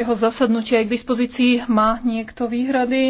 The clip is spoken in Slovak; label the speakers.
Speaker 1: Jeho zasadnutie aj k dispozícii má niekto výhrady?